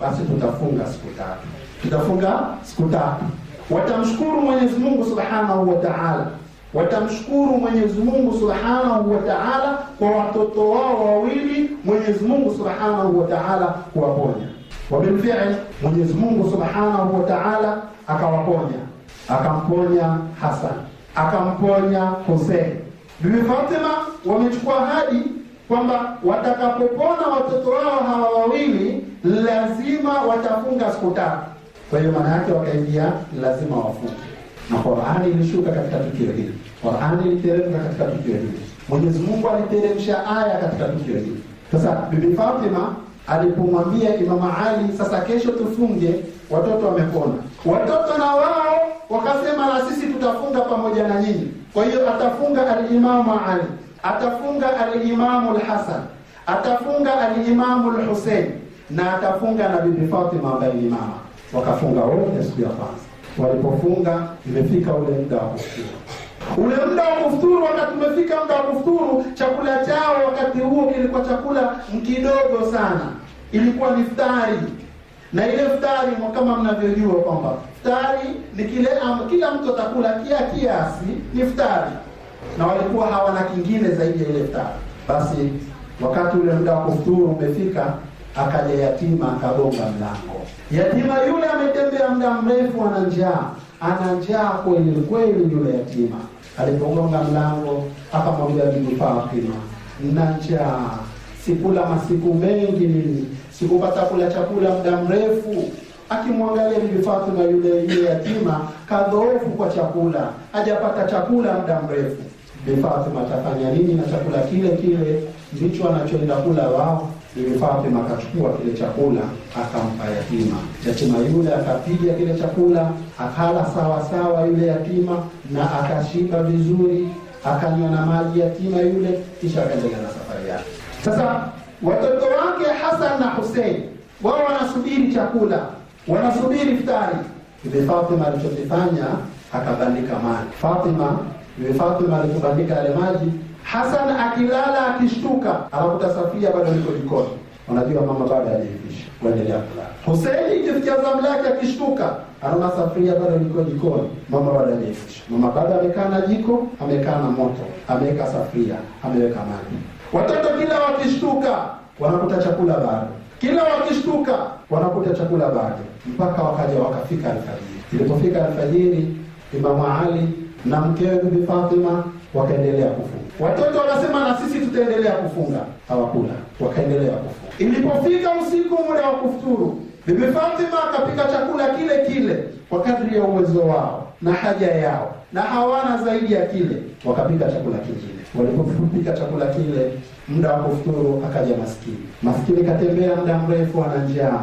basi tutafunga siku tatu, tutafunga siku tatu. Watamshukuru Mwenyezi Mungu Subhanahu wa Ta'ala, watamshukuru Mwenyezi Mungu Subhanahu wa Ta'ala kwa watoto wao wawili, Mwenyezi Mungu Subhanahu wa Ta'ala kuwaponya. Wabilfi'li, Mwenyezi Mungu Subhanahu wa Ta'ala akawaponya akamponya Hasan, akamponya Hussein. Bibi Fatima wamechukua ahadi kwamba watakapopona watoto wao hawa wawili lazima watafunga siku tatu. Kwa hiyo maana yake wakaingia, lazima wafunge, na Qur'ani ilishuka katika tukio hili, Qur'ani iliteremka katika tukio hili, Mwenyezi Mungu aliteremsha aya katika tukio hili. Sasa Bibi Fatima alipomwambia Imama Ali, sasa kesho tufunge, watoto wamepona, watoto na wao wakasema na sisi tutafunga pamoja na nyinyi. Kwa hiyo atafunga alimamu Ali, atafunga alimamu Lhasan, atafunga alimamu Lhusein na atafunga na bibi Fatima ambaye Wakafunga wote siku ya kwanza. Walipofunga imefika ule muda wa kufuturu, ule muda wa kufuturu. Wakati umefika muda wa kufuturu, chakula chao wakati huo kilikuwa chakula kidogo sana, ilikuwa niftari na ile futari kama mnavyojua kwamba futari ni kile am, kila mtu atakula kia kiasi ni futari, na walikuwa hawana kingine zaidi ya ile futari. Basi wakati ule muda wa kufuturu umefika, akaja yatima akagonga mlango. Yatima yule ametembea muda mrefu, ana njaa, ana njaa kweli kweli. Yule yatima alipogonga mlango akamwambia bibi Fatima, nina njaa sikula masiku mengi mimi, sikupata kula chakula muda mrefu. Akimwangalia Bibi Fatuma yule yule yatima kadhoofu kwa chakula, hajapata chakula muda mrefu. Bibi Fatuma atafanya nini na chakula kile kile ndicho anachoenda kula wao? Bibi Fatima akachukua kile chakula akampa yatima. Yatima yule akapiga kile chakula akala sawa sawa yule yatima, na akashiba vizuri, akanywa na maji yatima yule, kisha akaendelea sasa watoto wake Hasan na Hussein wao wanasubiri chakula, wanasubiri iftari. Bibi Fatima alichokifanya akabandika maji. Fatima, Bibi Fatima alikubandika yale maji, Hasan akilala akishtuka, anakuta safia bado liko jikoni. Unajua mama bado hajaivisha, kuendelea kulala. Huseini ikifikia zamu yake akishtuka, anaona Safia bado liko jikoni, mama bado hajaivisha. Mama bado amekaa na jiko, amekaa na moto, ameweka safuria, ameweka maji Watoto kila wakishtuka wanakuta chakula bado, kila wakishtuka wanakuta chakula bado, mpaka wakaja wakafika alfajiri. Ilipofika alfajiri, Imamu Ali na mkewe Bibi Fatima wakaendelea kufunga. Watoto wanasema na sisi tutaendelea kufunga, hawakula, wakaendelea kufunga. Ilipofika usiku, muda wa kufuturu, Bibi Fatima akapika chakula kile kadri ya uwezo wao na haja yao, na hawana zaidi ya kile, wakapika chakula kingine. Walipopika chakula kile, muda wa kufuturu, akaja maskini. Maskini katembea muda mrefu, ana njaa.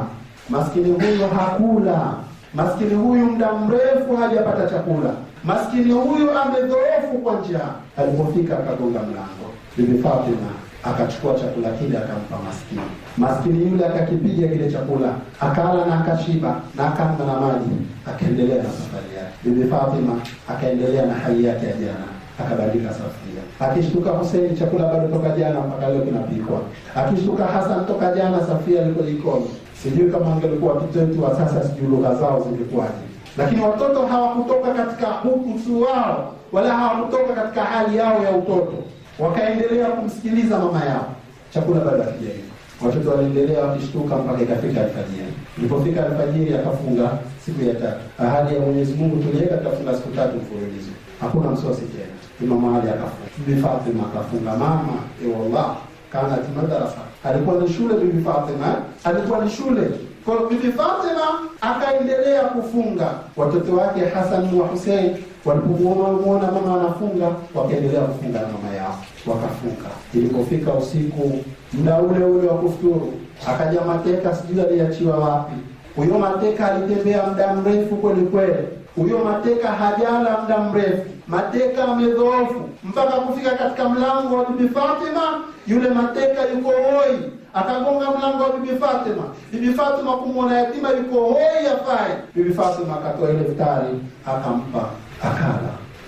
Maskini huyo hakula. Maskini huyu muda mrefu hajapata chakula. Maskini huyu amedhoofu kwa njaa. Alipofika akagonga mlango, Bibi Fatima akachukua chakula kile akampa maskini. Maskini yule akakipiga kile chakula, akala na akashiba na akaanza na maji, akaendelea na safari yake. Bibi Fatima akaendelea na hali yake ya jana, akabadilika safuria. Akishtuka huseni chakula bado toka jana mpaka leo kinapikwa. Akishtuka hasan toka jana safuria liko jikoni. Sijui kama angelikuwa watoto wetu wa sasa, sijui lugha zao zingekuwaje, lakini watoto hawakutoka katika tu wao wala hawakutoka katika hali yao ya utoto Wakaendelea kumsikiliza mama yao, chakula bado hakijaiva. Watoto waliendelea wakishtuka mpaka ikafika alfajiri. Ilipofika alfajiri, akafunga siku ya tatu. Ahadi ya Mwenyezi Mungu tuliweka tutafunga siku tatu mfululizo, hakuna msosi tena. Imamu Ali akafunga, Bibi Fatima akafunga, mama ewallah kana tumadarasa, alikuwa ni shule. Bibi Fatima alikuwa ni shule kwa Bibi Fatima akaendelea kufunga, watoto wake Hassan wa Husein wamuona mama anafunga, wakaendelea kufunga na mama yao, wakafunga. Ilipofika usiku, muda ule ule wa kufuturu, akaja mateka, sijui aliachiwa wapi. Huyo mateka alitembea muda mrefu kweli kweli, huyo mateka hajala muda mrefu, mateka amedhoofu, mpaka kufika katika mlango wa Bibi Fatima. Yule mateka yuko hoi, akagonga mlango wa Bibi Fatima. Bibi Fatima kumwona yatima yuko hoi, afai. Bibi Fatima akatoa ile futari akampa akala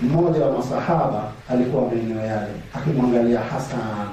mmoja wa masahaba, alikuwa maeneo yale akimwangalia Hasan,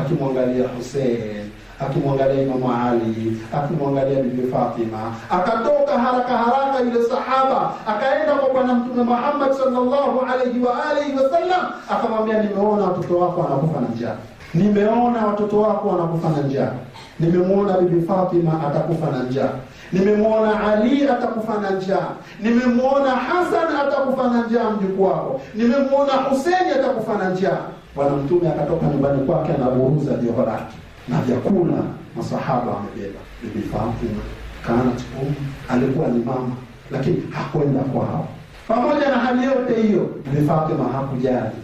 akimwangalia Husein, akimwangalia Imamu Ali, akimwangalia Bibi Fatima. Akatoka haraka haraka yule sahaba, akaenda kwa Bwana Mtume Muhammad sallallahu alaihi wa alihi wasallam, akamwambia, nimeona watoto wako wanakufa na njaa, nimeona watoto wako wanakufa na njaa nimemwona bibi Fatima atakufa na njaa, nimemwona Ali atakufa na njaa, nimemwona Hasan atakufa na njaa, mjukuu wako, nimemwona Huseni atakufa na njaa. Bwana Mtume akatoka nyumbani kwake anaburuza lake na vyakula, masahaba wamebeba. Bibi Fatima kanat um, alikuwa ni mama, lakini hakwenda kwao. Pamoja na hali yote hiyo, bibi Fatima hakujali.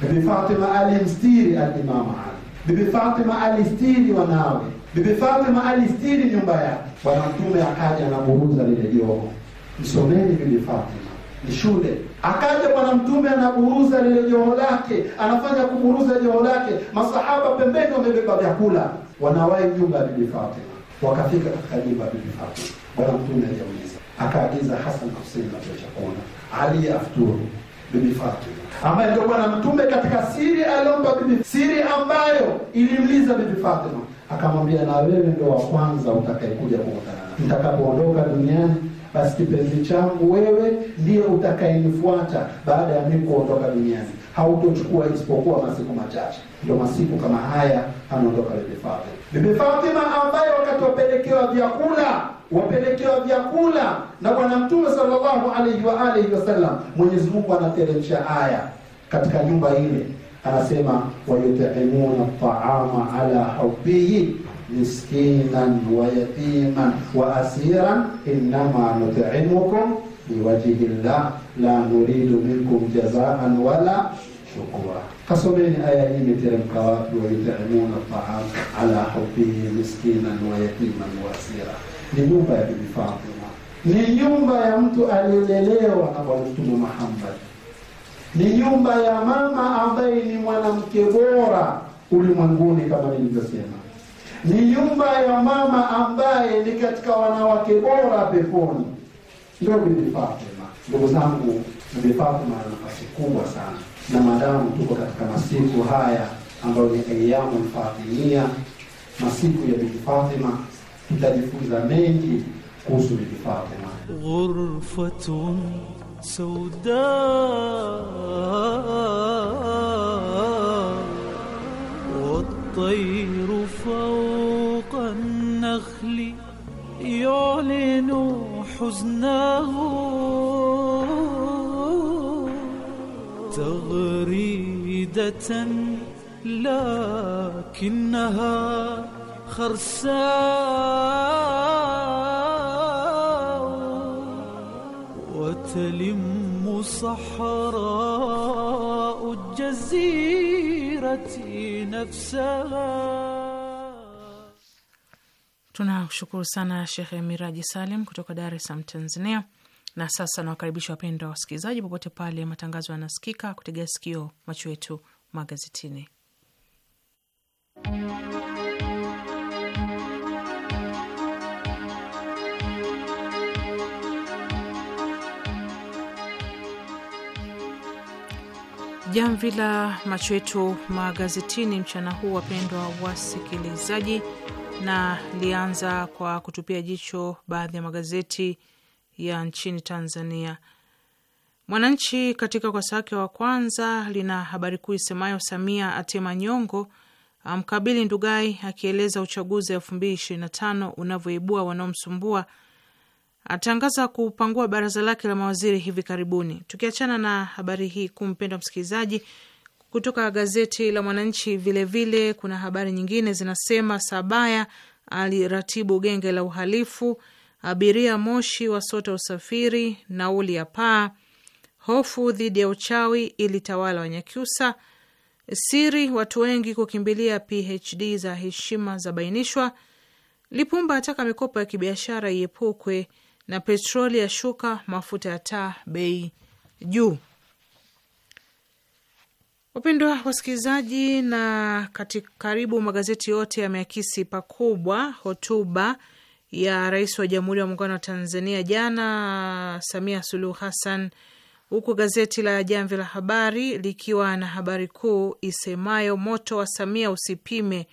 Bibi Fatima alimstiri alimama Ali, bibi Fatima alistiri wanawe Bibi Fatima alistiri nyumba yake, Bwana Mtume akaja anaburuza lile joho. Msomeni Bibi Fatima ni shule. Akaja Bwana Mtume anaburuza lile joho lake, anafanya kuburuza joho lake. Masahaba pembeni wamebeba vyakula, wanawahi nyumba ya Bibi Fatima. Wakafika katika nyumba ya Bibi Fatima, Bwana Mtume ajauliza, akaagiza Hasan na Husein apea chakula, Ali afturu. Bibi Fatima ambaye ndio Bwana Mtume katika siri aliomba bibi, siri ambayo ilimliza Bibi Fatima akamwambia, na wewe ndo wa kwanza utakayekuja kukutana na nitakapoondoka duniani basi kipenzi changu wewe ndiye utakayenifuata baada ya mimi kuondoka duniani, hautochukua isipokuwa masiku machache. Ndio masiku kama haya anaondoka bibi Fatima, bibi Fatima ambaye wakati wapelekewa vyakula wapelekewa vyakula na Bwana Mtume sallallahu alaihi wa alihi wasallam, Mwenyezi Mungu anateremsha aya katika nyumba ile anasema wayut'imuna at'ama ala hubbihi miskinan wa yatiman wa asiran innama nut'imukum liwajhi llah la nuridu minkum jazaan wala shukura. Kasomeni aya hii imeteremka wapi? wayut'imuna at'ama ala hubbihi miskinan wa yatiman wa asira, ni nyumba ya Bibi Fatima, ni nyumba ya mtu aliyelelewa na Bwana Mtume Muhammad ni nyumba ya mama ambaye ni mwanamke bora ulimwenguni kama nilivyosema ni nyumba ya mama ambaye ni katika wanawake bora peponi ndio bibi Fatima ndugu zangu bibi Fatima ana nafasi kubwa sana na madamu tuko katika masiku haya ambayo ni ayamu fatimia masiku ya bibi Fatima tutajifunza mengi kuhusu bibi Fatima ghurfatun سوداء والطير فوق النخل يعلن حزنه تغريدة لكنها خرسان وتلم صحراء الجزيرة نفسها. Tunashukuru sana Shekhe Miraji Salim kutoka Dar es Salaam, Tanzania. Na sasa nawakaribisha wapendwa wasikilizaji, popote pale matangazo yanasikika, kutegea sikio macho yetu magazetini. Jamvi la macho yetu magazetini mchana huu, wapendwa wasikilizaji, na lianza kwa kutupia jicho baadhi ya magazeti ya nchini Tanzania. Mwananchi katika ukurasa wake wa kwanza lina habari kuu isemayo Samia atema nyongo, amkabili Ndugai akieleza uchaguzi wa elfu mbili ishirini na tano unavyoibua wanaomsumbua atangaza kupangua baraza lake la mawaziri hivi karibuni. Tukiachana na habari hii kuu, mpendwa msikilizaji, kutoka gazeti la Mwananchi vilevile vile, kuna habari nyingine zinasema: Sabaya aliratibu genge la uhalifu, abiria moshi wasota usafiri, nauli ya paa, hofu dhidi ya uchawi ilitawala Wanyakyusa, siri watu wengi kukimbilia PhD za heshima za bainishwa, Lipumba ataka mikopo ya kibiashara iepukwe na petroli ya shuka, mafuta ya taa bei juu. Wapendwa wasikilizaji, na kati karibu magazeti yote yameakisi pakubwa hotuba ya Rais wa Jamhuri ya Muungano wa Tanzania jana, Samia Suluhu Hassan, huku gazeti la Jamvi la Habari likiwa na habari kuu isemayo moto wa Samia usipime,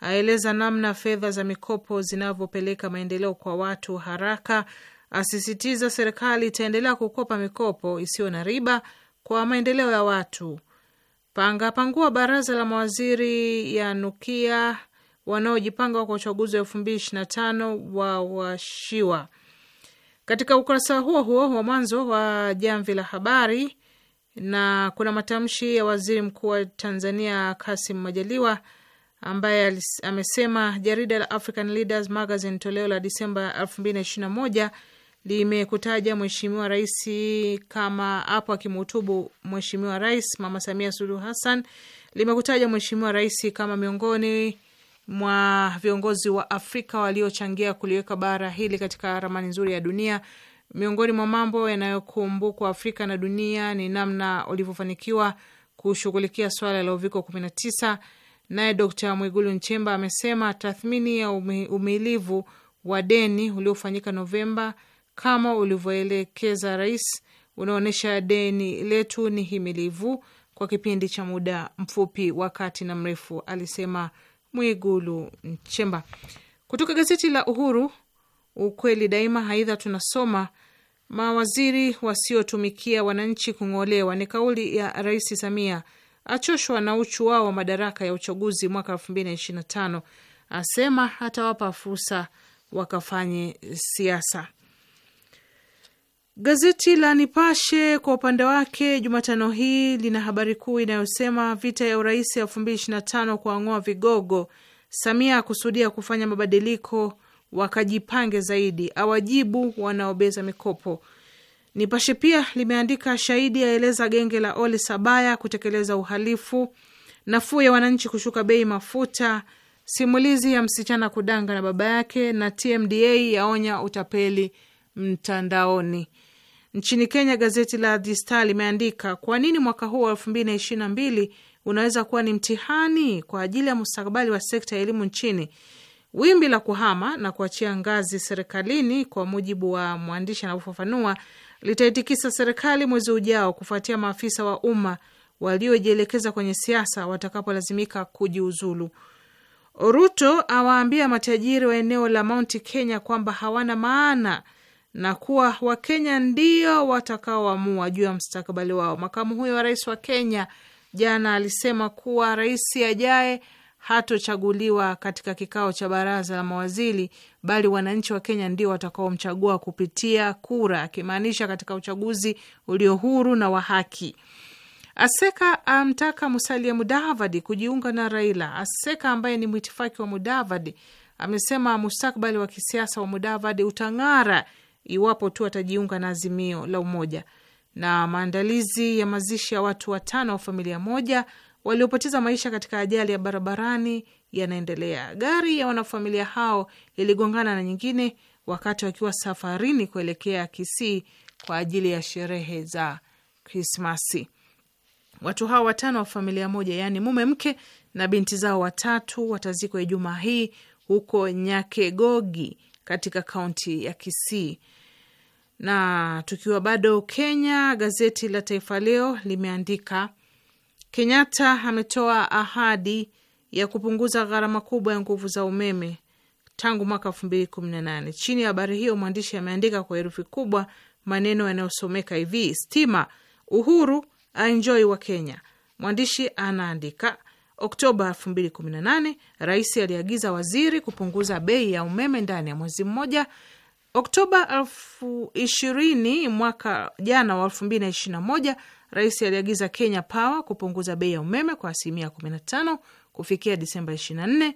aeleza namna fedha za mikopo zinavyopeleka maendeleo kwa watu haraka, asisitiza serikali itaendelea kukopa mikopo isiyo na riba kwa maendeleo ya watu. pangapangua baraza la mawaziri ya nukia wanaojipanga kwa uchaguzi wa elfu mbili ishirini na tano wa washiwa. Katika ukurasa huo huo wa mwanzo wa Jamvi la Habari, na kuna matamshi ya waziri mkuu wa Tanzania Kasim Majaliwa ambaye amesema jarida la African Leaders Magazine toleo la Disemba moja limekutaja Mheshimiwa Rais kama hapo akimhutubu Mheshimiwa Rais Mama Samia Suluhu Hassan, limekutaja Mheshimiwa Rais kama miongoni mwa viongozi wa Afrika waliochangia kuliweka bara hili katika ramani nzuri ya dunia. Miongoni mwa mambo yanayokumbukwa Afrika na dunia ni namna ulivyofanikiwa kushughulikia swala la uviko 19. Naye Dr Mwigulu Nchemba amesema tathmini ya umilivu wa deni uliofanyika Novemba kama ulivyoelekeza Rais, unaonyesha deni letu ni himilivu kwa kipindi cha muda mfupi wa kati na mrefu, alisema Mwigulu Nchemba. Kutoka gazeti la Uhuru, Ukweli Daima. Aidha tunasoma mawaziri wasiotumikia wananchi kung'olewa, ni kauli ya Rais Samia, achoshwa na uchu wao wa madaraka ya uchaguzi mwaka elfu mbili na ishirini na tano, asema atawapa fursa wakafanye siasa. Gazeti la Nipashe kwa upande wake Jumatano hii lina habari kuu inayosema vita ya urais elfu mbili ishirini vigogo, Samia akusudia kufanya mabadiliko wakajipange zaidi, awajibu wanaobeza mikopo. Nipashe pia limeandika shahidi aeleza genge la Ole Sabaya kutekeleza uhalifu, nafuu ya wananchi kushuka bei mafuta, simulizi ya msichana kudanga na baba yake, na TMDA yaonya utapeli mtandaoni. Nchini Kenya, gazeti la The Star limeandika kwa nini mwaka huu wa elfu mbili na ishirini na mbili unaweza kuwa ni mtihani kwa ajili ya mustakabali wa sekta ya elimu nchini. Wimbi la kuhama na kuachia ngazi serikalini, kwa mujibu wa mwandishi anavyofafanua, litaitikisa serikali mwezi ujao kufuatia maafisa wa umma waliojielekeza kwenye siasa watakapolazimika kujiuzulu. Ruto awaambia matajiri wa eneo la Mount Kenya kwamba hawana maana na kuwa Wakenya ndio watakaoamua juu ya mstakabali wao. Makamu huyo wa rais wa Kenya jana alisema kuwa rais ajaye hatochaguliwa katika kikao cha baraza la mawaziri, bali wananchi wa Kenya ndio watakaomchagua kupitia kura, akimaanisha katika uchaguzi ulio huru na wa haki. Aseka amtaka Musalia Mudavadi kujiunga na Raila. Aseka ambaye ni mwitifaki wa Mudavadi amesema mustakbali wa kisiasa wa Mudavadi utang'ara iwapo tu atajiunga na Azimio la Umoja, na maandalizi ya mazishi ya watu watano wa familia moja waliopoteza maisha katika ajali ya barabarani yanaendelea. Gari ya wanafamilia hao iligongana na nyingine wakati wakiwa safarini kuelekea Kisii kwa ajili ya sherehe za Krismasi. Watu hao watano wa familia moja, yaani mume, mke na binti zao watatu, watazikwa Ijumaa hii huko Nyakegogi katika kaunti ya Kisii. Na tukiwa bado Kenya, gazeti la Taifa Leo limeandika Kenyatta ametoa ahadi ya kupunguza gharama kubwa ya nguvu za umeme tangu mwaka elfu mbili kumi na nane. Chini ya habari hiyo mwandishi ameandika kwa herufi kubwa maneno yanayosomeka hivi: stima, Uhuru aenjoi wa Kenya. Mwandishi anaandika Oktoba 2018 rais aliagiza waziri kupunguza bei ya umeme ndani ya mwezi mmoja. Oktoba 20 mwaka jana wa 2021 rais aliagiza Kenya Power kupunguza bei ya umeme kwa asilimia 15 kufikia Disemba 24.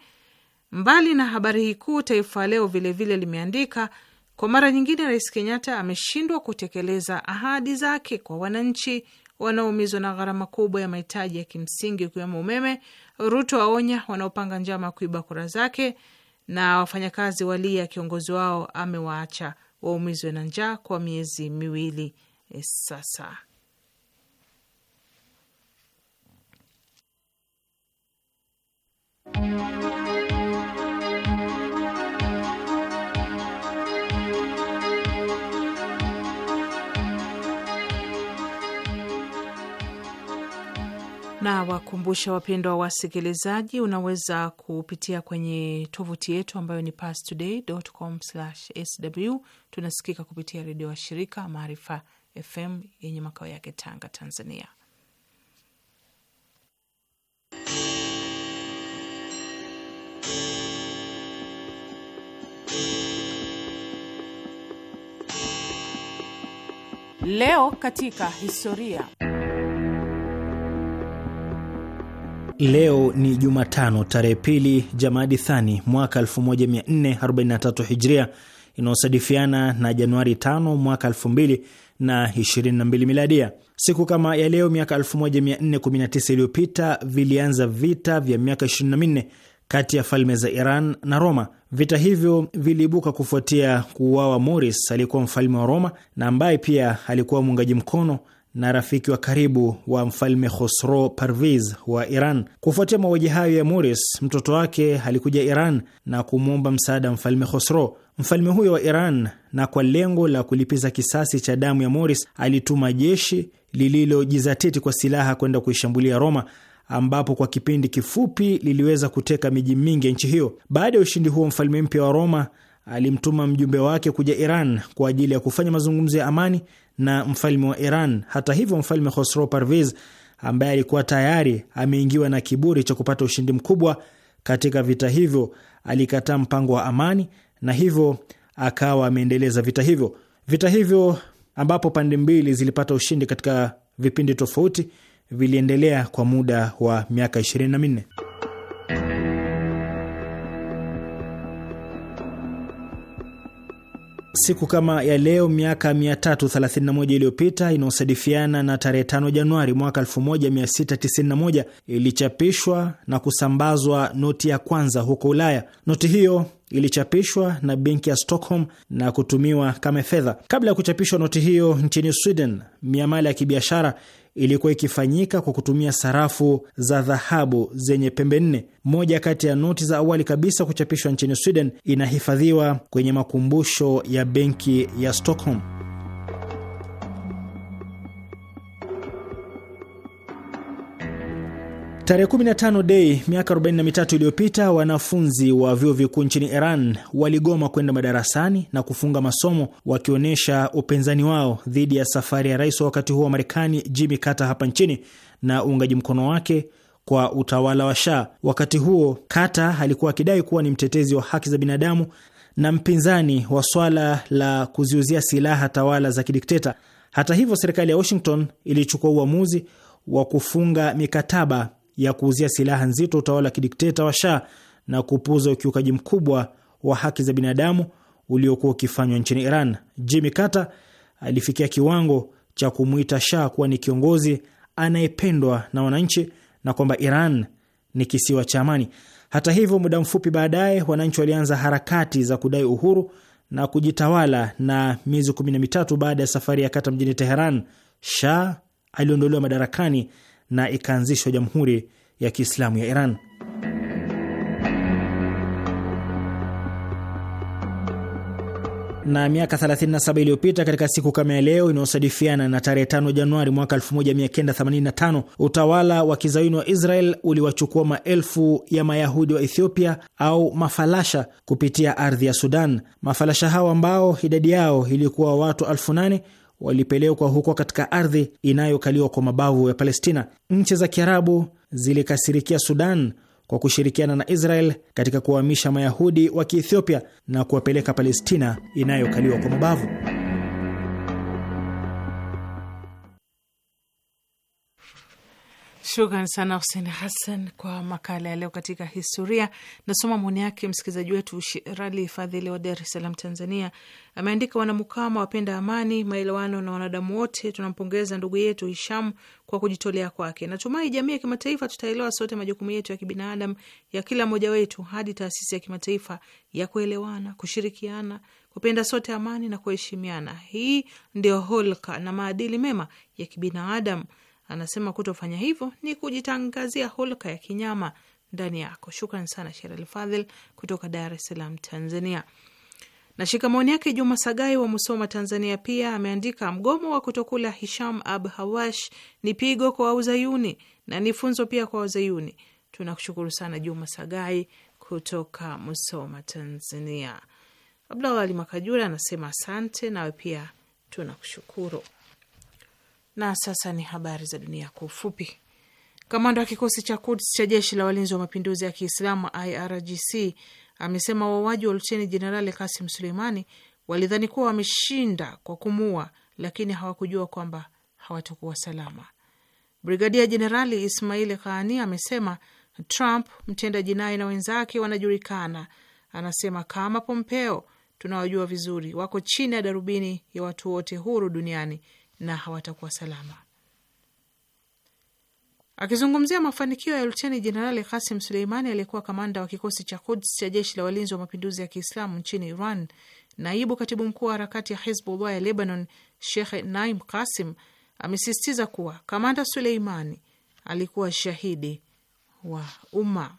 Mbali na habari hii kuu, Taifa Leo vilevile limeandika kwa mara nyingine, Rais Kenyatta ameshindwa kutekeleza ahadi zake kwa wananchi wanaoumizwa na gharama kubwa ya mahitaji ya kimsingi ikiwemo umeme. Ruto aonya wanaopanga njama kuiba kura zake, na wafanyakazi walia kiongozi wao amewaacha waumizwe na njaa kwa miezi miwili eh, sasa. na wakumbusha wapendwa wasikilizaji, unaweza kupitia kwenye tovuti yetu ambayo ni pastoday.com/sw. Tunasikika kupitia redio wa shirika Maarifa FM yenye makao yake Tanga, Tanzania. Leo katika historia Leo ni Jumatano tarehe pili Jamadi Thani mwaka 1443 Hijria inayosadifiana na Januari 5 mwaka 2022 Miladia. Siku kama ya leo miaka 1419 iliyopita vilianza vita vya miaka 24 kati ya falme za Iran na Roma. Vita hivyo viliibuka kufuatia kuuawa Moris aliyekuwa mfalme wa Roma na ambaye pia alikuwa muungaji mkono na rafiki wa karibu wa mfalme Khosro Parviz wa Iran. Kufuatia mauaji hayo ya Muris, mtoto wake alikuja Iran na kumwomba msaada mfalme Khosro. Mfalme huyo wa Iran, na kwa lengo la kulipiza kisasi cha damu ya Muris, alituma jeshi lililojizatiti kwa silaha kwenda kuishambulia Roma ambapo kwa kipindi kifupi liliweza kuteka miji mingi ya nchi hiyo. Baada ya ushindi huo, mfalme mpya wa Roma alimtuma mjumbe wake kuja Iran kwa ajili ya kufanya mazungumzo ya amani na mfalme wa Iran. Hata hivyo, mfalme hosro Parviz ambaye alikuwa tayari ameingiwa na kiburi cha kupata ushindi mkubwa katika vita hivyo, alikataa mpango wa amani na hivyo akawa ameendeleza vita hivyo. Vita hivyo ambapo pande mbili zilipata ushindi katika vipindi tofauti viliendelea kwa muda wa miaka minne. siku kama ya leo miaka 331 iliyopita inayosadifiana na tarehe 5 Januari mwaka 1691 ilichapishwa na kusambazwa noti ya kwanza huko Ulaya. Noti hiyo ilichapishwa na benki ya Stockholm na kutumiwa kama fedha. Kabla ya kuchapishwa noti hiyo nchini Sweden, miamala ya kibiashara ilikuwa ikifanyika kwa kutumia sarafu za dhahabu zenye pembe nne. Moja kati ya noti za awali kabisa kuchapishwa nchini Sweden inahifadhiwa kwenye makumbusho ya benki ya Stockholm. Tarehe 15 Dei miaka 43 iliyopita wanafunzi wa vyuo vikuu nchini Iran waligoma kwenda madarasani na kufunga masomo wakionyesha upinzani wao dhidi ya safari ya rais wa wakati huo wa Marekani Jimmy Carter hapa nchini na uungaji mkono wake kwa utawala wa Shah. Wakati huo Carter alikuwa akidai kuwa ni mtetezi wa haki za binadamu na mpinzani wa swala la kuziuzia silaha tawala za kidikteta. Hata hivyo, serikali ya Washington ilichukua uamuzi wa kufunga mikataba ya kuuzia silaha nzito utawala wa kidikteta wa Shah na kupuuza ukiukaji mkubwa wa haki za binadamu uliokuwa ukifanywa nchini Iran. Jimmy Carter alifikia kiwango cha kumwita Shah kuwa ni kiongozi anayependwa na wananchi na kwamba Iran ni kisiwa cha amani. Hata hivyo, muda mfupi baadaye wananchi walianza harakati za kudai uhuru na kujitawala, na miezi kumi na mitatu baada ya safari ya Kata mjini Teheran, Shah aliondolewa madarakani na ikaanzishwa Jamhuri ya Kiislamu ya Iran. na miaka 37 iliyopita katika siku kama ya leo inayosadifiana na tarehe 5 Januari mwaka 1985 utawala wa kizayuni wa Israel uliwachukua maelfu ya Mayahudi wa Ethiopia au mafalasha kupitia ardhi ya Sudan. Mafalasha hao ambao idadi yao ilikuwa watu elfu nane walipelekwa huko katika ardhi inayokaliwa kwa mabavu ya Palestina. Nchi za Kiarabu zilikasirikia Sudan kwa kushirikiana na Israel katika kuwaamisha Mayahudi wa Kiethiopia na kuwapeleka Palestina inayokaliwa kwa mabavu. Shukran sana Husen Hassan kwa makala ya leo katika historia. Nasoma maoni yake msikilizaji wetu Shirali Fadhili wa Dar es Salaam, Tanzania. Ameandika, wanamukama wapenda amani, maelewano na wanadamu wote, tunampongeza ndugu yetu Hisham kwa kujitolea kwake. Natumai jamii ya kimataifa tutaelewa sote majukumu yetu ya kibinadamu ya kila mmoja wetu, hadi taasisi ya kimataifa ya kuelewana, kushirikiana, kupenda sote amani na kuheshimiana. Hii ndio holka na maadili mema ya kibinadamu. Anasema kutofanya hivyo ni kujitangazia hulka ya kinyama ndani yako. Shukran sana Sherali Fadhil kutoka Dar es Salaam, Tanzania. Na shikamooni yake Juma Sagai wa Musoma, Tanzania, pia ameandika mgomo wa kutokula Hisham Ab Hawash ni pigo kwa Wazayuni na ni funzo pia kwa Wazayuni. Tunakushukuru sana Juma Sagai kutoka Musoma, Tanzania. Abdallah Ali Makajura anasema asante, nawe pia tunakushukuru. Na sasa ni habari za dunia kwa ufupi. Kamanda wa kikosi cha Kuds cha jeshi la walinzi wa mapinduzi ya Kiislamu IRGC amesema wauaji wa luteni jenerali Kasim Suleimani walidhani kuwa wameshinda kwa kumua, lakini hawakujua kwamba hawatakuwa salama. Brigadia Jenerali Ismail Kaani amesema Trump, mtenda jinai na wenzake wanajulikana. Anasema kama Pompeo tunawajua vizuri, wako chini ya darubini ya watu wote huru duniani na hawatakuwa salama. Akizungumzia mafanikio ya Luteni Jenerali Kasim Suleimani aliyekuwa kamanda wa kikosi cha Kuds cha jeshi la walinzi wa mapinduzi ya Kiislamu nchini Iran, naibu katibu mkuu wa harakati ya Hizbullah ya Lebanon Shekh Naim Kasim amesisitiza kuwa kamanda Suleimani alikuwa shahidi wa umma.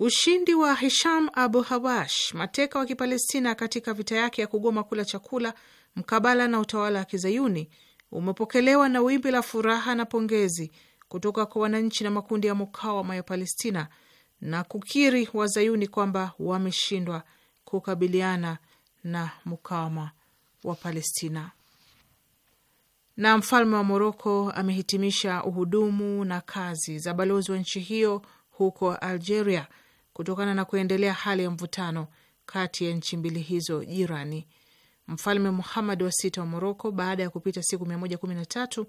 Ushindi wa Hisham Abu Hawash, mateka wa Kipalestina katika vita yake ya kugoma kula chakula mkabala na utawala wa Kizayuni, umepokelewa na wimbi la furaha na pongezi kutoka kwa wananchi na makundi ya mukawama ya Palestina na kukiri Wazayuni kwamba wameshindwa kukabiliana na mukawama wa Palestina. Na mfalme wa Moroko amehitimisha uhudumu na kazi za balozi wa nchi hiyo huko Algeria kutokana na kuendelea hali ya mvutano kati ya nchi mbili hizo jirani. Mfalme Muhamad wa sita wa Moroko, baada ya kupita siku mia moja kumi na tatu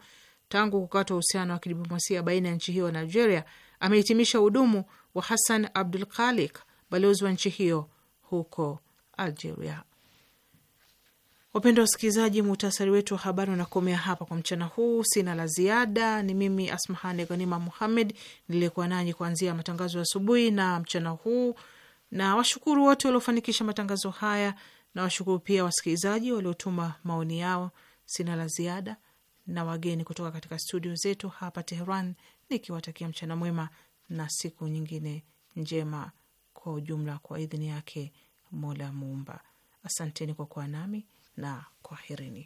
tangu kukatwa uhusiano wa kidiplomasia baina ya nchi hiyo na Algeria, amehitimisha hudumu wa Hassan Abdul Khalik, balozi wa nchi hiyo huko Algeria. Wapendwa wasikilizaji, muhtasari wetu wa habari unakomea hapa kwa mchana huu. Sina la ziada. Ni mimi Asmahani Ghanima Muhammed niliyekuwa nanyi kuanzia matangazo ya asubuhi na mchana huu, na washukuru wote waliofanikisha matangazo haya, na washukuru pia wasikilizaji waliotuma maoni yao. Sina la ziada na wageni kutoka katika studio zetu hapa Teheran, nikiwatakia mchana mwema na siku nyingine njema kwa ujumla, kwa idhini yake Mola Muumba. Asanteni kwa kuwa nami na kwaherini.